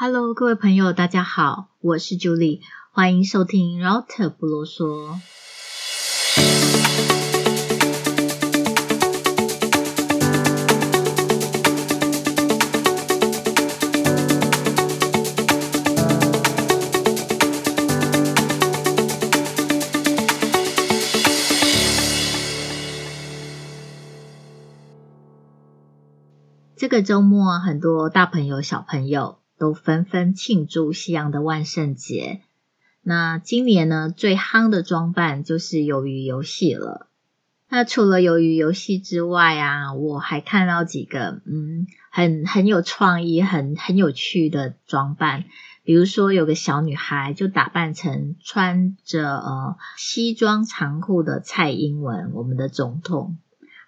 Hello，各位朋友，大家好，我是 Julie，歡迎收聽 Router 不囉嗦。這個周末，很多大朋友、小朋友，都紛紛慶祝西洋的萬聖節。那今年呢，最夯的裝扮就是魷魚遊戲了。那除了魷魚遊戲之外啊，我還看到幾個嗯，很很有創意、很很有趣的裝扮。比如說，有個小女孩就打扮成穿着呃西裝長褲的蔡英文，我們的總統。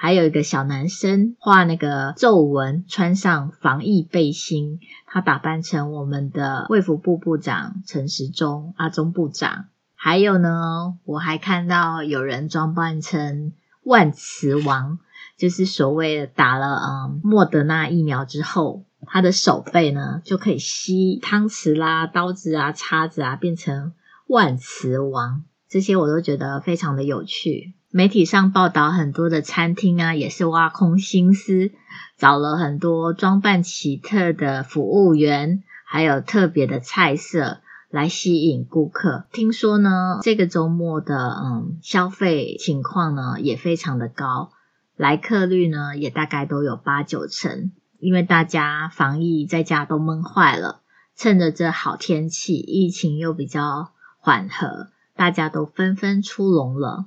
還有一個小男生畫那個皺紋，穿上防疫背心，他打扮成我們的衛福部部長陳時中阿中部長。還有呢，我還看到有人裝扮成萬磁王，就是所謂打了嗯莫德納疫苗之後，他的手背呢就可以吸湯匙啦、刀子啊、叉子啊，變成萬磁王。這些我都覺得非常的有趣。媒體上報道很多的餐廳啊，也是挖空心思找了很多裝扮奇特的服務員，還有特別的菜色來吸引顧客。聽說呢，這個周末的嗯消費情況呢也非常的高，來客率呢也大概都有八九成。因為大家防疫在家都悶壞了，趁着這好天氣，疫情又比較緩和，大家都紛紛出籠了。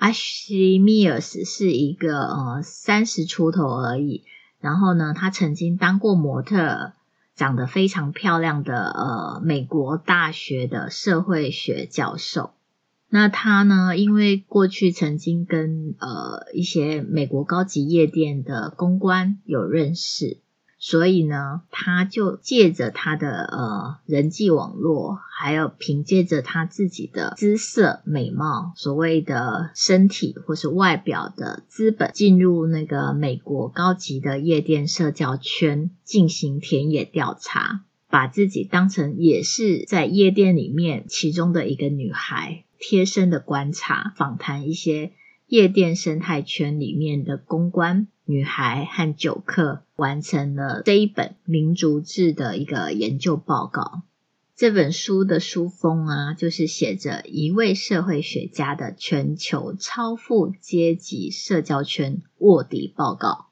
Ashley Mears 是一個呃三十出頭而已，然後呢，他曾經當過模特，長得非常漂亮的呃美國大學的社會學教授。那他呢，因為過去曾經跟呃一些美國高級夜店的公關有認識。所以呢，他就借着他的呃人際網絡，還有憑借着他自己的姿色、美貌，所謂的身體或是外表的資本，進入那個美國高級的夜店社交圈進行田野調查，把自己當成也是在夜店裡面其中的一個女孩，貼身的觀察、訪談一些。夜店生態圈裡面的公關女孩、和酒客完成了這一本民族誌的一個研究報告。這本書的書封啊，就是寫着一位社會學家的全球超富階級社交圈臥底報告，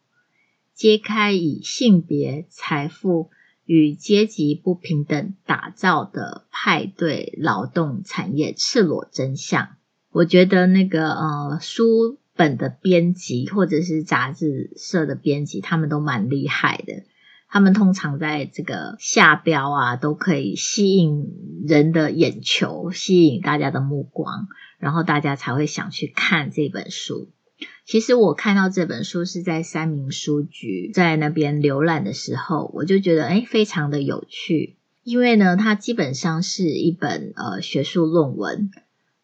揭開以性別、財富與階級不平等打造的派對勞動產業赤裸真相。我覺得那個呃，書本的編輯或者是雜誌社的編輯，他們都蠻厲害的。他們通常在這個下標啊，都可以吸引人的眼球，吸引大家的目光，然後大家才會想去看這本書。其實我看到這本書是在三民書局，在那邊瀏覽的時候，我就覺得誒，非常的有趣，因為呢，它基本上是一本呃學術論文。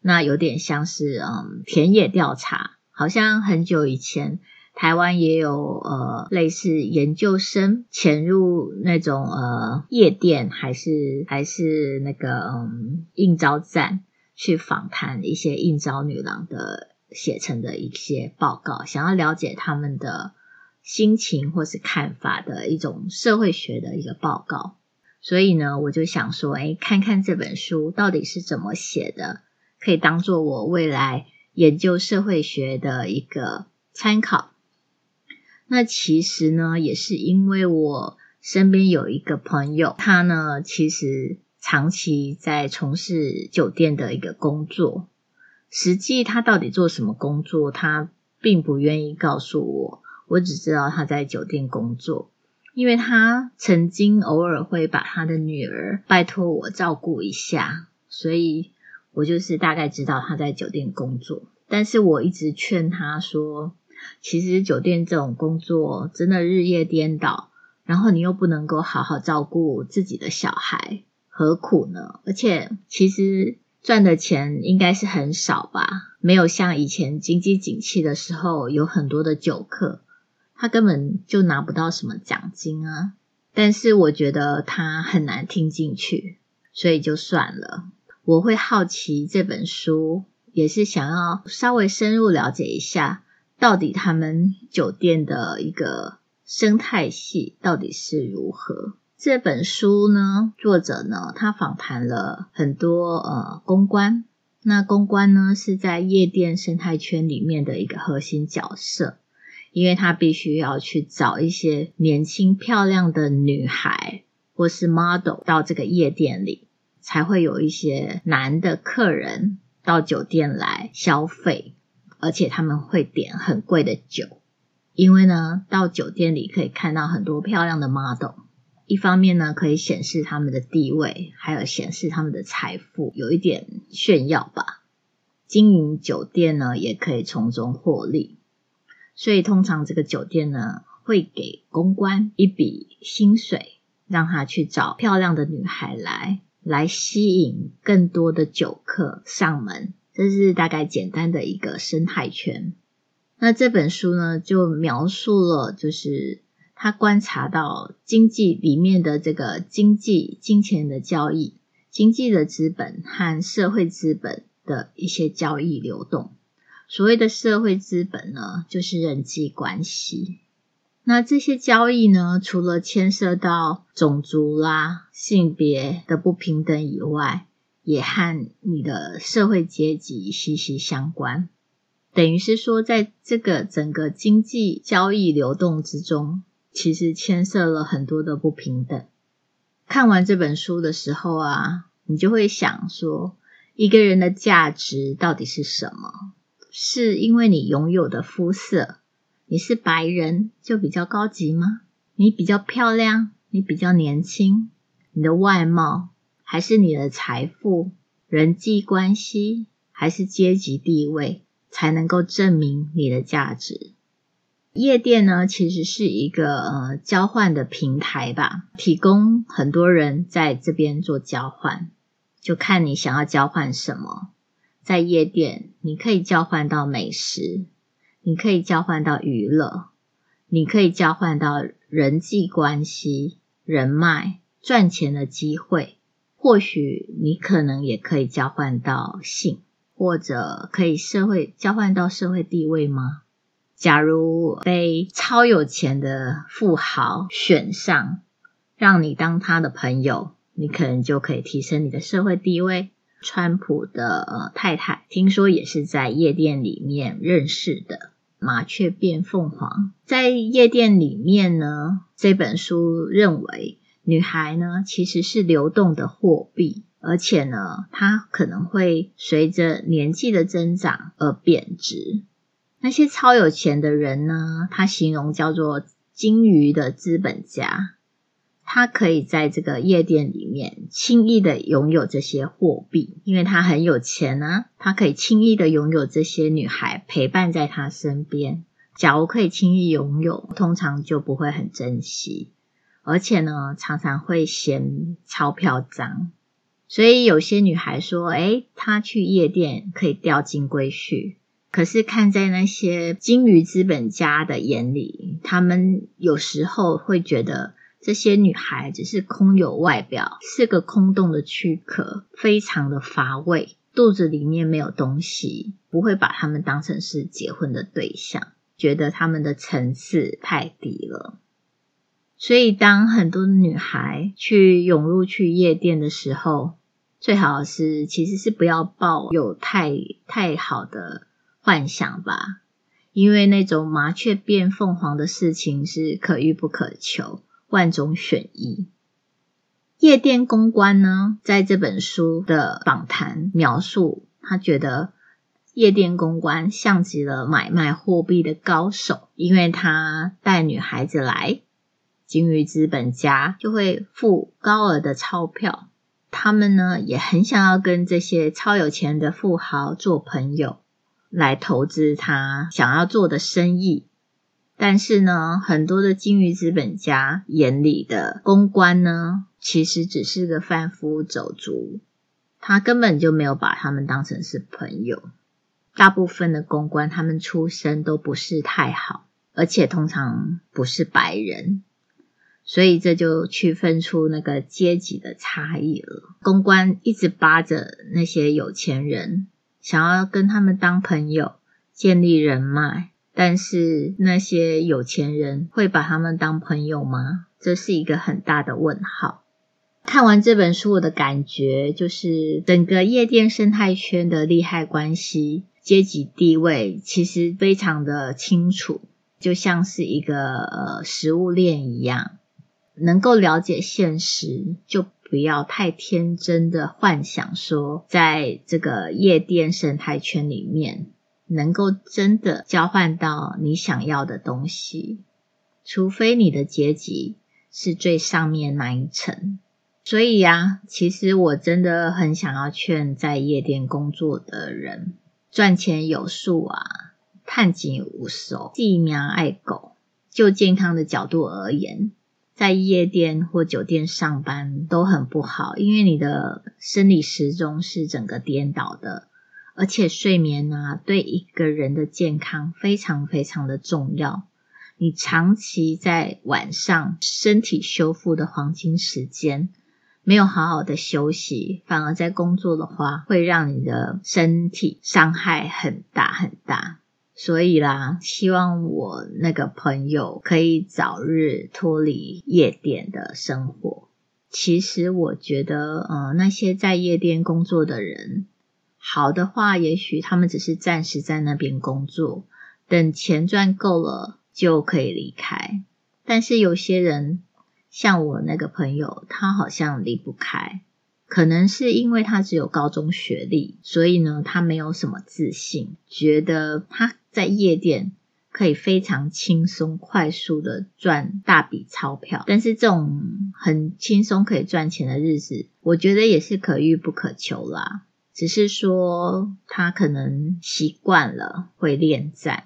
那有點像是嗯，田野調查，好像很久以前台灣也有呃，類似研究生潛入那種呃夜店，還是還是那個、嗯、應召站去訪談一些應召女郎的寫成的一些報告，想要了解他們的心情或是看法的一種社會學的一個報告。所以呢，我就想說，哎、欸，看看這本書到底是怎麼寫的。可以當做我未來研究社會學的一個參考。那其實呢，也是因為我身邊有一個朋友，他呢其實長期在從事酒店的一個工作。實際他到底做什麼工作，他並不願意告訴我。我只知道他在酒店工作，因為他曾經偶爾會把他的女兒拜托我照顧一下，所以。我就是大概知道他在酒店工作，但是我一直勸他說，其實酒店這種工作真的日夜顛倒，然後你又不能夠好好照顧自己的小孩，何苦呢？而且其實賺的錢應該是很少吧，沒有像以前經濟景氣的時候有很多的酒客，他根本就拿不到什麼獎金啊。但是我覺得他很難聽進去，所以就算了。我會好奇這本書，也是想要稍微深入了解一下，到底他們酒店的一個生態系到底是如何。這本書呢，作者呢，他訪談了很多呃公關，那公關呢是在夜店生態圈裡面的一個核心角色，因為他必須要去找一些年輕漂亮的女孩或是 model 到這個夜店裡。才會有一些男的客人到酒店來消費，而且他們會點很貴的酒，因為呢，到酒店裡可以看到很多漂亮的 model。一方面呢，可以顯示他們的地位，還有顯示他們的財富，有一點炫耀吧。經營酒店呢，也可以從中獲利，所以通常這個酒店呢會給公關一筆薪水，讓他去找漂亮的女孩來。來吸引更多的酒客上門，這是大概簡單的一個生態圈。那這本書呢，就描述了，就是他觀察到經濟裡面的這個經濟、金錢的交易、經濟的資本和社會資本的一些交易流動。所謂的社會資本呢，就是人際關係。那這些交易呢，除了牽涉到種族啦、啊、性別的不平等以外，也和你的社會階級息息相關。等於是說，在這個整個經濟交易流動之中，其實牽涉了很多的不平等。看完這本書的時候啊，你就會想說，一個人的價值到底是什麼？是因為你擁有的膚色，你是白人就比較高級嗎？你比較漂亮，你比較年輕，你的外貌還是你的財富、人際關係還是階級地位才能夠證明你的價值？夜店呢，其實是一個呃交換的平台吧，提供很多人在這邊做交換，就看你想要交換什麼。在夜店，你可以交換到美食，你可以交換到娛樂，你可以交換到人際關係、人脈、賺錢的機會。或許你可能也可以交換到性，或者可以社會交換到社會地位嗎？假如被超有錢的富豪選上，讓你當他的朋友，你可能就可以提升你的社會地位。川普的太太聽說也是在夜店裡面認識的。麻雀變鳳凰，在夜店裡面呢，這本書認為，女孩呢其實是流動的貨幣，而且呢，她可能會隨着年紀的增長而貶值。那些超有錢的人呢，他形容叫做“金魚”的資本家。他可以在這個夜店裡面輕易的擁有這些貨幣，因為他很有錢呢、啊。他可以輕易的擁有這些女孩陪伴在他身邊。假如可以輕易擁有，通常就不會很珍惜，而且呢，常常會嫌鈔票髒。所以有些女孩說：“哎，她去夜店可以釣金龜婿。”可是看在那些金魚資本家的眼裡，他們有時候會覺得。這些女孩只是空有外表，是個空洞的軀殼，非常的乏味，肚子裡面沒有東西，不會把他們當成是結婚的對象，覺得他們的層次太低了。所以，當很多女孩去湧入去夜店的時候，最好是其實是不要抱有太太好的幻想吧，因為那種麻雀變鳳凰的事情是可遇不可求。萬中選一，夜店公關呢，在這本書的訪談描述，他覺得夜店公關像極了買賣貨幣的高手，因為他帶女孩子來，金魚資本家就會付高額的鈔票，他們呢也很想要跟這些超有錢的富豪做朋友，來投資他想要做的生意。但是呢，很多的金魚資本家眼裡的公關呢，其實只是個販夫走卒，他根本就沒有把他們當成是朋友。大部分的公關，他們出身都不是太好，而且通常不是白人，所以這就區分出那個階級的差異了。公關一直扒着那些有錢人，想要跟他們當朋友，建立人脈。但是那些有錢人會把他們當朋友嗎？這是一個很大的問號。看完這本書，我的感覺就是整個夜店生態圈的利害關係、階級地位其實非常的清楚，就像是一個呃食物鏈一樣。能夠了解現實，就不要太天真的幻想說，在這個夜店生態圈裡面。能夠真的交換到你想要的東西，除非你的階級是最上面那一層。所以呀、啊，其實我真的很想要勸在夜店工作的人，賺錢有數啊，趁錢有數，性命愛顧，就健康的角度而言，在夜店或酒店上班都很不好，因為你的生理時鐘是整個顛倒的。而且睡眠呢、啊，對一個人的健康非常非常的重要。你長期在晚上身體修復的黃金時間沒有好好的休息，反而在工作的話，會讓你的身體傷害很大很大。所以啦，希望我那個朋友可以早日脫離夜店的生活。其實我覺得，呃，那些在夜店工作的人。好的話，也許他們只是暫時在那邊工作，等錢賺夠了就可以離開。但是有些人，像我那個朋友，他好像離不開，可能是因為他只有高中學歷，所以呢，他沒有什麼自信，覺得他在夜店可以非常輕鬆、快速地賺大筆鈔票。但是這種很輕鬆可以賺錢的日子，我覺得也是可遇不可求啦。只是說他可能習慣了會戀戰，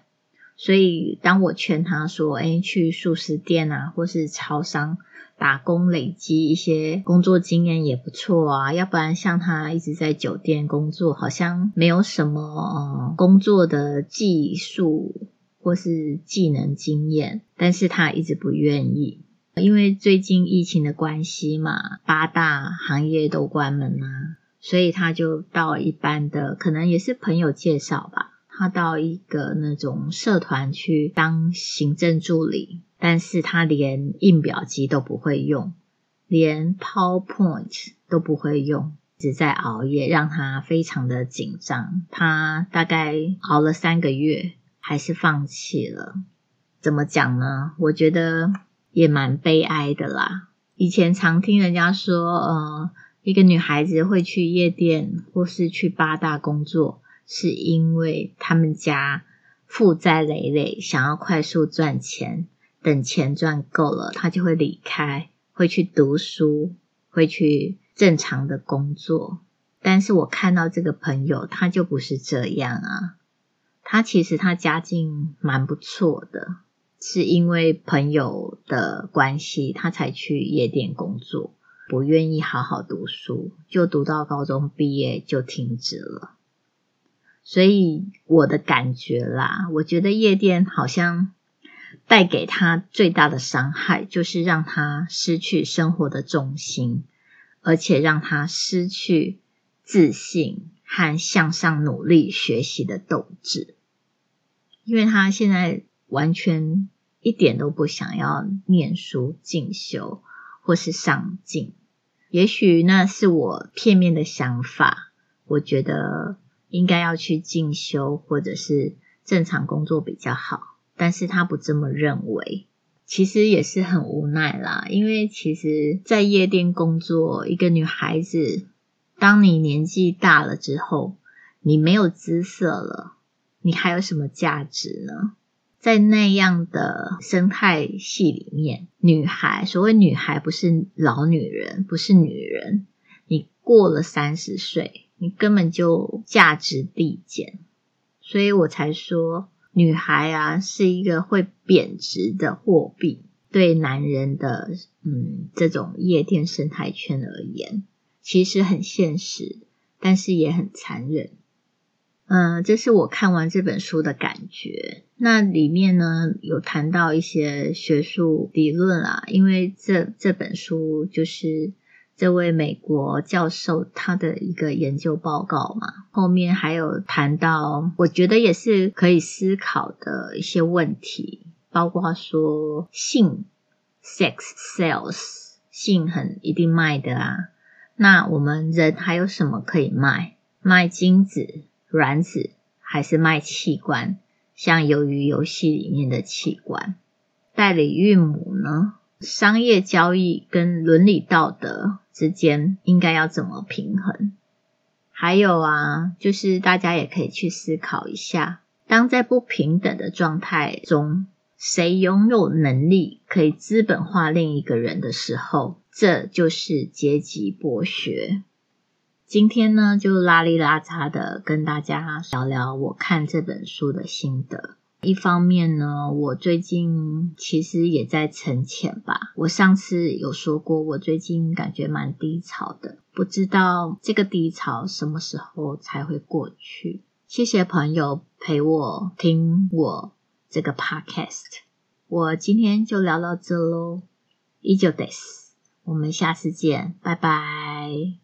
所以當我勸他說：“誒，去素食店啊，或是超商打工，累積一些工作經驗也不錯啊。要不然像他一直在酒店工作，好像沒有什麼，呃，工作的技術或是技能經驗，但是他一直不願意。因為最近疫情的關係嘛，八大行業都關門啊。”所以他就到一般的，可能也是朋友介紹吧。他到一個那種社團去當行政助理，但是他連印表機都不會用，連 PowerPoint 都不會用，只在熬夜，讓他非常的緊張。他大概熬了三個月，還是放棄了。怎麼講呢？我覺得也蠻悲哀的啦。以前常聽人家說，呃。一個女孩子會去夜店或是去八大工作，是因為他們家負債累累，想要快速賺錢。等錢賺夠了，她就會離開，會去讀書，會去正常的工作。但是我看到這個朋友，他就不是這樣啊。他其實他家境蠻不錯的，是因為朋友的關係，他才去夜店工作。不願意好好讀書，就讀到高中畢業就停止了。所以我的感覺啦，我覺得夜店好像帶給他最大的傷害，就是讓他失去生活的重心，而且讓他失去自信和向上努力學習的鬥志。因為他現在完全一點都不想要念書進修或是上進，也許那是我片面的想法。我覺得應該要去進修，或者是正常工作比較好。但是他不這麼認為，其實也是很無奈啦。因為其實，在夜店工作，一個女孩子，當你年紀大了之後，你沒有姿色了，你還有什麼價值呢？在那樣的生態系裡面，女孩，所謂女孩不是老女人，不是女人。你過了三十歲，你根本就價值遞減，所以我才說女孩啊是一個會貶值的貨幣。對男人的嗯，這種夜店生態圈而言，其實很現實，但是也很殘忍。嗯，這是我看完這本書的感覺。那裡面呢，有談到一些學術理論啦、啊，因為這這本書就是這位美國教授他的一個研究報告嘛。後面還有談到，我覺得也是可以思考的一些問題，包括說性 （sex s e l l s 性很一定賣的啊。那我們人還有什麼可以賣？賣精子？卵子？還是賣器官，像魷魚遊戲裡面的器官，代理孕母呢？商業交易跟倫理道德之間應該要怎麼平衡？還有啊，就是大家也可以去思考一下，當在不平等的狀態中，誰擁有能力可以資本化另一個人的時候，這就是階級剝削。今天呢，就邋裡邋遢的跟大家聊聊我看這本書的心得。一方面呢，我最近其實也在沉潛吧。我上次有說過，我最近感覺蠻低潮的，不知道這個低潮什麼時候才會過去。謝謝朋友陪我聽我這個 podcast。我今天就聊到這嘍，以上です。我們下次見，拜拜。